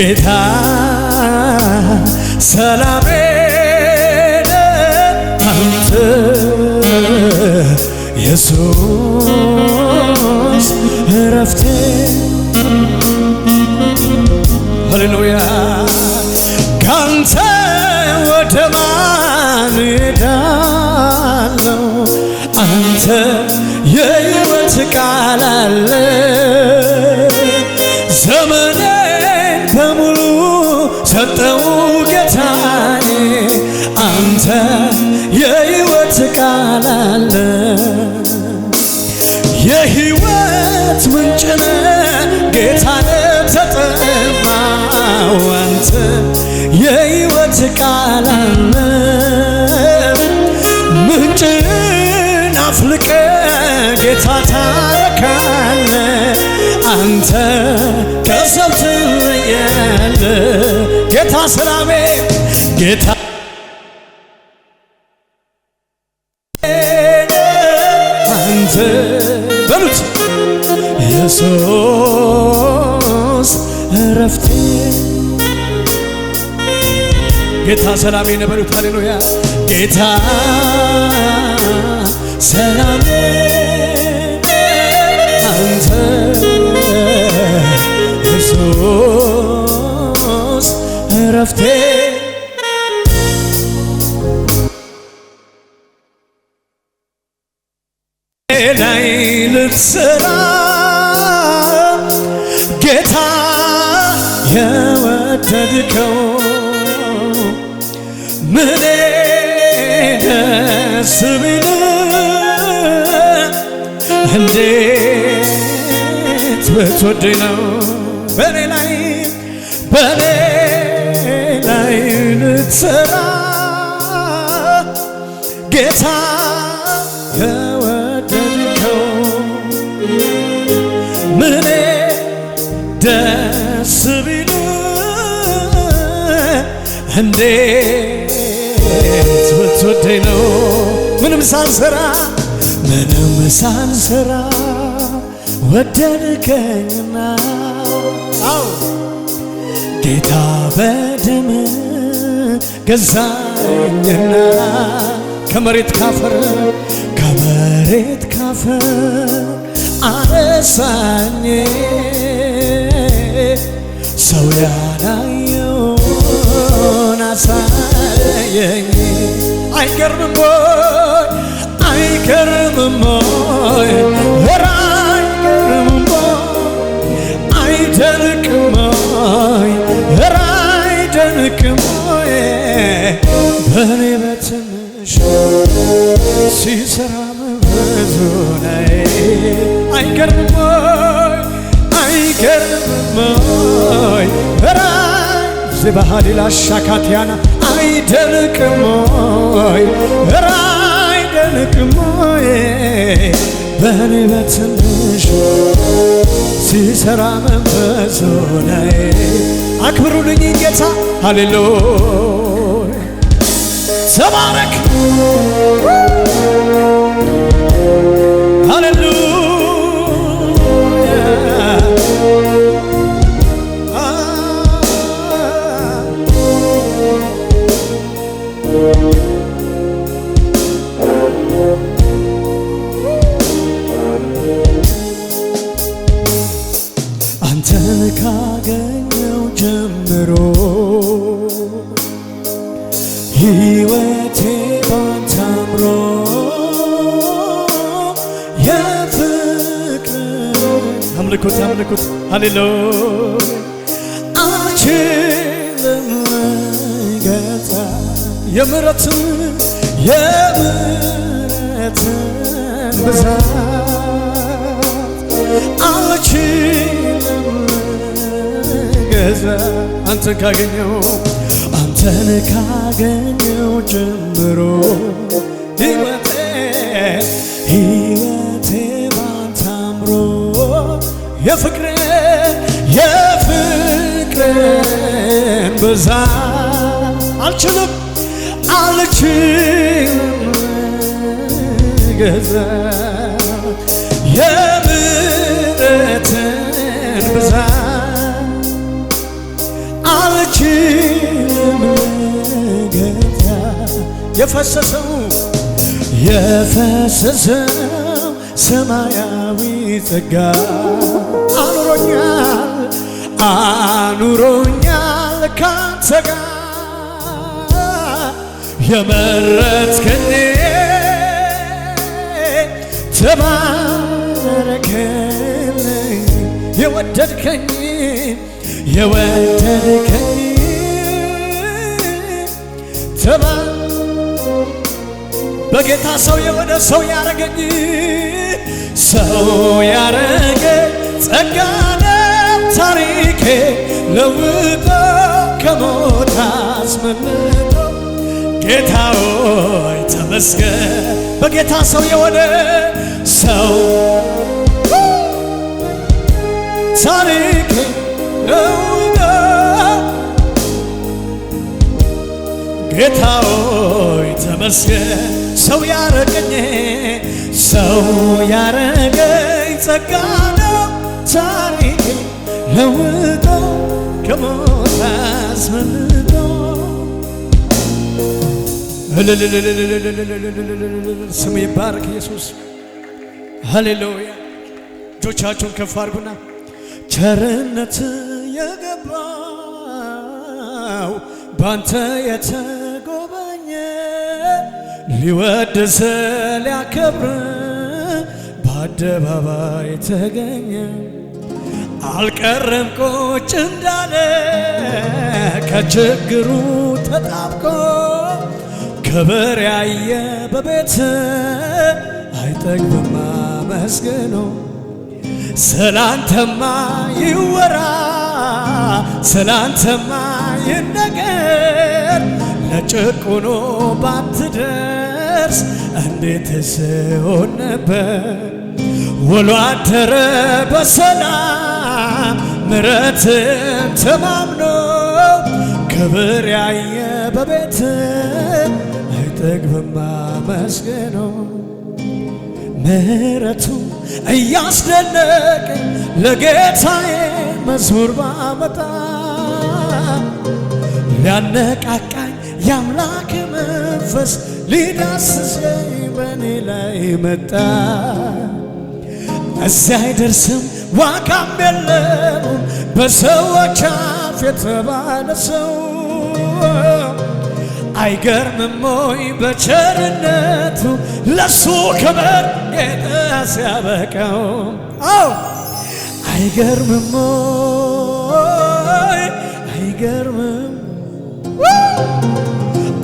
ጌታ ሰላሜን አንተ ኢየሱስ እረፍቴ ሃሌሉያ ካንተ ወደ ማን እሄዳለሁ አንተ ጌታዬ አንተ የሕይወት ቃል አለ የሕይወት ምንጭነ ጌታነ ተጠማው አንተ የሕይወት ቃል አለ ምንጭን አፍልቀ ጌታ ታረካለ አንተ ሰላሜ ጌታ አንተ በሉት ኢየሱስ እረፍቴ ጌታ ሰላሜ ነበሉት ሃሌሉያ ጌታ ሰላሜ አንተ ኢየሱስ እረፍቴ ላይ ልትሰራ ጌታ የወደድከው ምን ደስ ቢል እንዴት ብትወደኝ ነው እንዴት ብትወደኝ ነው ምንም ሳንሰራ ምንም ሳንሰራ ወደድከኝና ጌታ በደም ገዛኝና ከመሬት ካፈር ከመሬት ካፈር አነሳኝ ሰው ያ አይገርምም ወይ? አይገርምም ወይ? ኧረ አይገርምም ወይ? አይደንቅም ወይ? ኧረ አይደንቅም ወይ? በእኔ በትንሹ ሲሰራ በብዙ ላይ አይገርምም ወይ? አይገርምም ወይ? ኧረ ዘባህዲላ ሻካትያና አይደንቅሞይ ኧረ አይደንቅሞይ በእኔ በትንሹ ሲሰራ መንፈስ አክብሩልኝ ጌታ ተባረክ ሃሌሉ የምሕረትን የምሕረትን ብዛት ገዛ አንተን ካገኘው አንተን ካገኘው ጀምሮ ሕይወቴ የፍቅሬ የፍቅሬን ብዛት አልችልም አልችም ገዛ የምረትን ብዛት አልችም ገዛ የፈሰሰው የፈሰሰው ሰማያዊ ጸጋ አኑሮኛል አኑሮኛል ካንተ ጋር የመረጥከኝ ተባረከኝ የወደድከኝ የወደድከኝ ተባ በጌታ ሰው የሆነ ሰው ያረገኝ ሰው ያረገ ጸጋነ ታሪኬ ለውጦ ከሞት አስመለጠ ጌታ ሆይ ተመስገን። በጌታ ሰው የሆነ ሰው ታሪክ ጌታ ሆይ ተመስገን። ሰው ያረቀኝ ሰው ያረገኝ ጸጋ ነው ታሪክ ለውጦ ከሞት አስመልጦ ስም ይባረክ ኢየሱስ። ሃሌሉያ። እጆቻችሁን ከፍ አድርጉና ቸርነት የገባው ባንተ የተጎበኘ ሊወድስ ሊያከብር በአደባባይ ተገኘ። አልቀረም ቁጭ እንዳለ ከችግሩ ተጣብቆ ክብር ያየ በቤት አይጠግብም ማመስገኑ። ስላንተማ ይወራ ስላንተማ ይነገር። ለጭቁኖ ባትደርስ እንዴት ስሆን ነበር? ውሎ አደረ በሰላም ምሕረትን ተማምኖ ክብር ያየ በቤት ልግብማ መስገነው ምሕረቱ እያስደነቀ ለጌታዬ መዝሙር ባመጣ ሊያነቃቃኝ የአምላክ መንፈስ ሊዳስሰኝ በእኔ ላይ መጣ። እዚያ አይደርስም ዋጋም የለውም በሰዎች አፍ የተባለ ሰው አይገርምም ወይ በቸርነቱ ለሱ ክብር ጌታ ሲያበቀው አው አይገርምም ወይ አይገርምም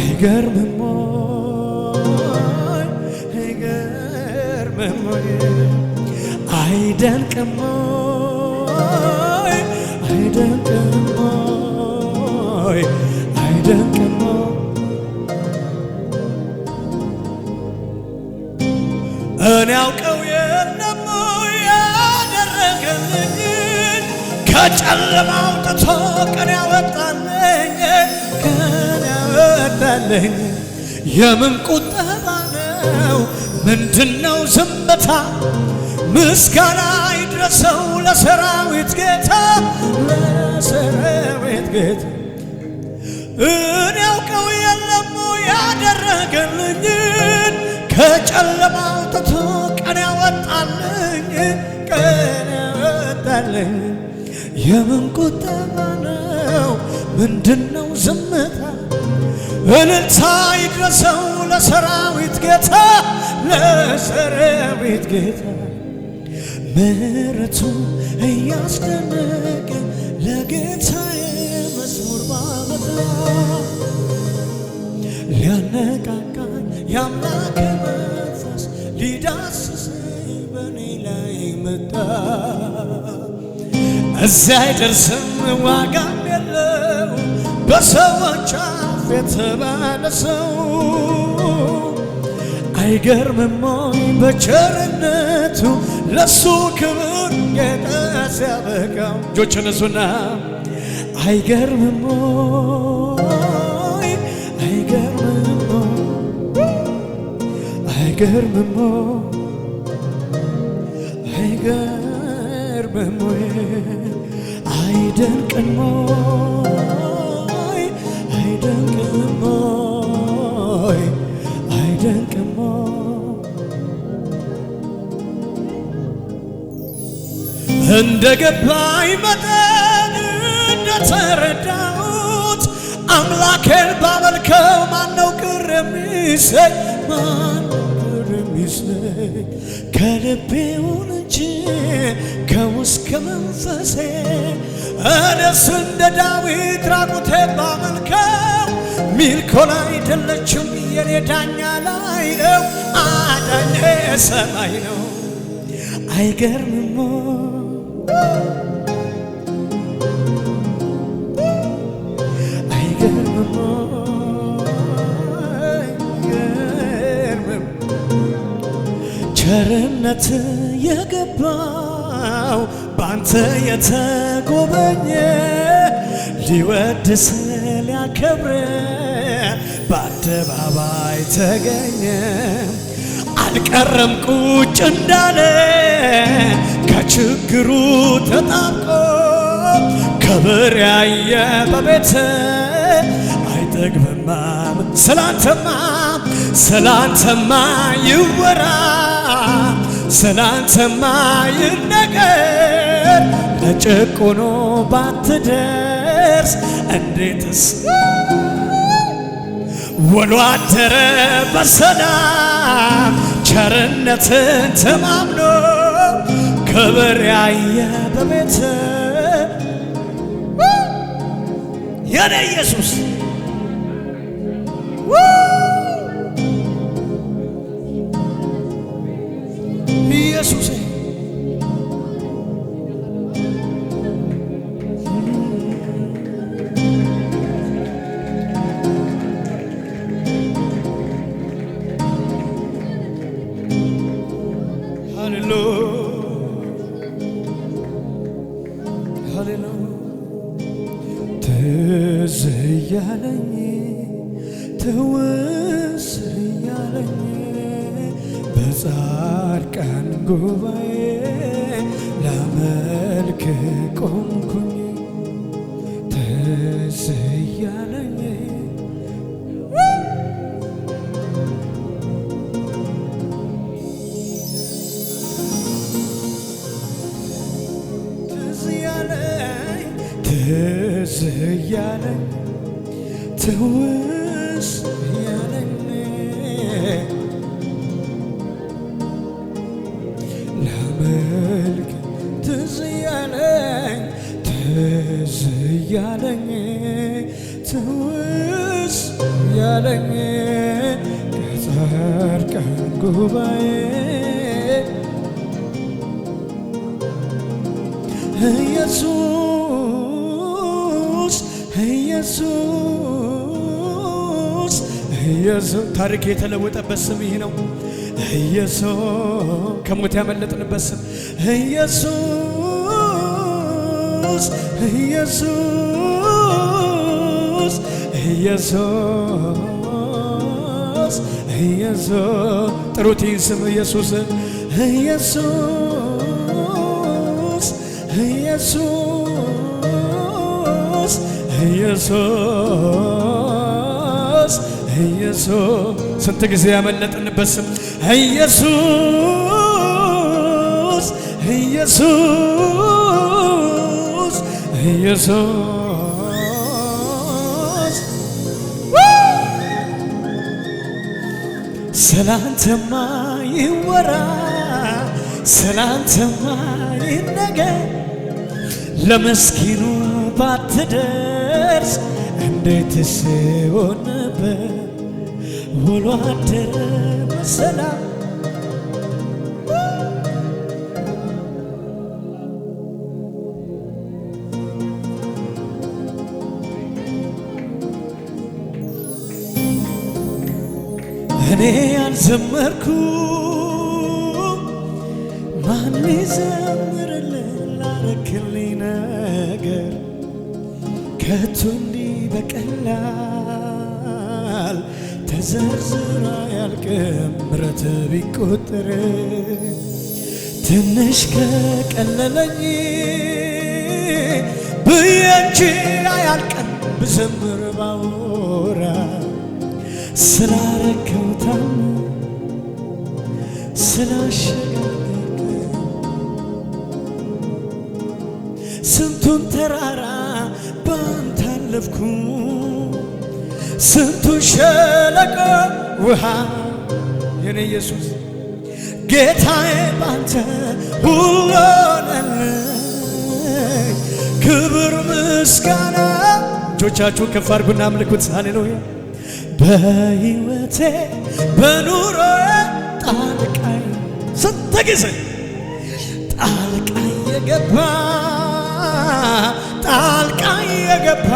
አይገርምም ወይ አይገርምም ወይ አይደንቅም ወይ እኔ አውቀው የለም ያደረገልኝ ከጨለማ አውጥቶ ቀን ያወጣልኝ ቀን ያወጣልኝ የምን ቁጠባ ነው? ምንድነው ዝምታ? ምስጋና ይድረሰው ለሰራዊት ጌታ ለሰራዊት ጌታ እኔ አውቀው የለም ያደረገልኝን ከጨለማው ትቶ ቀን ያወጣልኝ ቀን ያወጣልኝ የምን ቁጠባ ነው? ምንድን ነው ዝምታ? እልልታ ይድረሰው ለሰራዊት ጌታ ለሰራዊት ጌታ ምሕረቱ እያስደነቀ ለጌታዬ መዝሙር ባበላ ሊያነቃቃ የአምላክ መንፈስ ሊዳስሰኝ በኔ ላይ መጣ። እዚያ አይደርስም ዋጋም የለው በሰዎች አፍ የተባለ ሰው አይገርምም ወይ በቸርነቱ ለሱ ክብር ጌታ ሲያበቃው እጆችን እሱና አይገርምም قرممو قرممو አይደንቅንሞይ አይደንቅንሞይ አይደንቅንሞ እንደ ገባኝ መጠን እንደተረዳሁት አምላኬን ባመልከው ማነው ቅር የሚሰኝ ማን ቢስ ከልቤ ይሁን እንጂ ከውስጥ ከመንፈሴ እኔስ እንደ ዳዊት ራቁቴ ባመልከው ሚልኮን አይደለችም የኔ ዳኛ ላይ ነው አዳኜ ሰማይ ነው አይገርምም! ገነት የገባው ባንተ የተጎበኘ ሊወድስ ሊያከብረ በአደባባይ ተገኘ። አልቀረም ቁጭ እንዳለ ከችግሩ ተጣብቆ ክብር ያየ በቤት አይጠግብማ ስላንተማ ስላንተማ ይወራ ስላንተማ ይነገር ለጭቁኖ ባትደርስ እንዴትስ ውሎ አደረ በሰላም ቸርነትን ተማምኖ ክብር ያየ በቤት የኔ ኢየሱስ Hallelujah. Eh. Hallelujah. aleluya, te ya te በጻድቃን ጉባኤ ላመልክ ቆምኩኝ ትስያለኝ ትስያለኝ ትስያለኝ ያለኝ ትውስ ያለኝ ከጻድቃን ጉባኤ ኢየሱስ ኢየሱስ ኢየሱስ ታሪክ የተለወጠበት ስም ይህ ነው። ኢየሱስ ከሞት ያመለጥንበት ስም ኢየሱስ ኢየሱስ ኢየሱስ ኢየሱስ ጥሩት ስም ኢየሱስ ኢየሱስ ኢየሱስ ኢየሱስ ኢየሱስ ስንት ጊዜ ያመለጥንበት ስም ኢየሱስ ኢየሱስ ኢየሱስ ስላንተማ ይወራ ስላንተማ ይነገር ለምስኪኑ ባትደርስ እንዴትስ ስሆን ነበር ውሎ አደረ በሰላም እኔ አልዘመርኩም ማን ሊዘምርልን ላረክልኝ ነገር ከቶ እንዲህ በቀላል ተዘርዝራ ያልቅም ምረት ቢቆጥር ትንሽ ከቀለለኝ ብዬ አንቺ አያልቅም ብዘምር ባወራ ስላረከው ታምር ስላሸጋገርከኝ ስንቱን ተራራ ባንተ አለፍኩ ስንቱን ሸለቆ ውሃ የኔ ኢየሱስ ጌታዬ ባንተ ክብር ምስጋና እጆቻችሁ ከፍ አድርጉና አምልኩት። ሃሌሉያ በሕይወቴ በኑሮ ጣልቃይ ስንት ጊዜ ጣልቃ የገባ ጣልቃ የገባ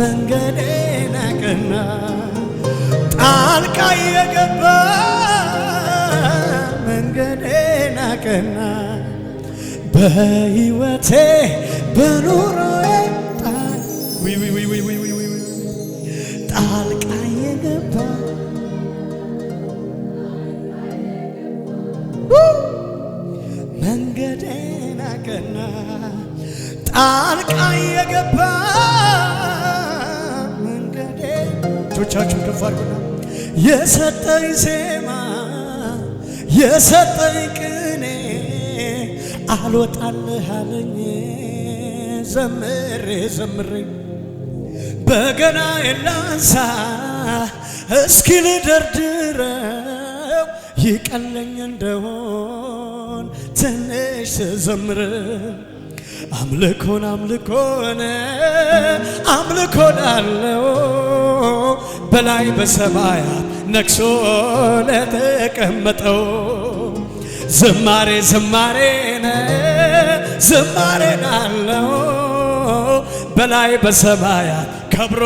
መንገዴ ነቅና ጣልቃ የገባ መንገዴ ነቅና በሕይወቴ በኑሮ ጣል ጣልቃ የገባ መንገዴን አቀና ጣልቃ የገባ መንገዴ እጆቻችሁን ከፍ አድርጉና የሰጠኝ ዜማ የሰጠኝ ቅኔ አልወጣልሃለኝ ዘምሬ ዘምሬ በገና የላንሳ እስኪ ልደርድረው ይቀለኝ እንደሆን ትንሽ ስዘምር አምልኮን አምልኮን አምልኮን አለው በላይ በሰማያት ነግሶ ለተቀመጠው ዝማሬ ዝማሬነ ዝማሬን አለው በላይ በሰማያት ከብሮ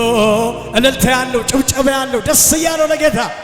እልልታ ያለው ጭብጨባ ያለው ደስ እያለው ለጌታ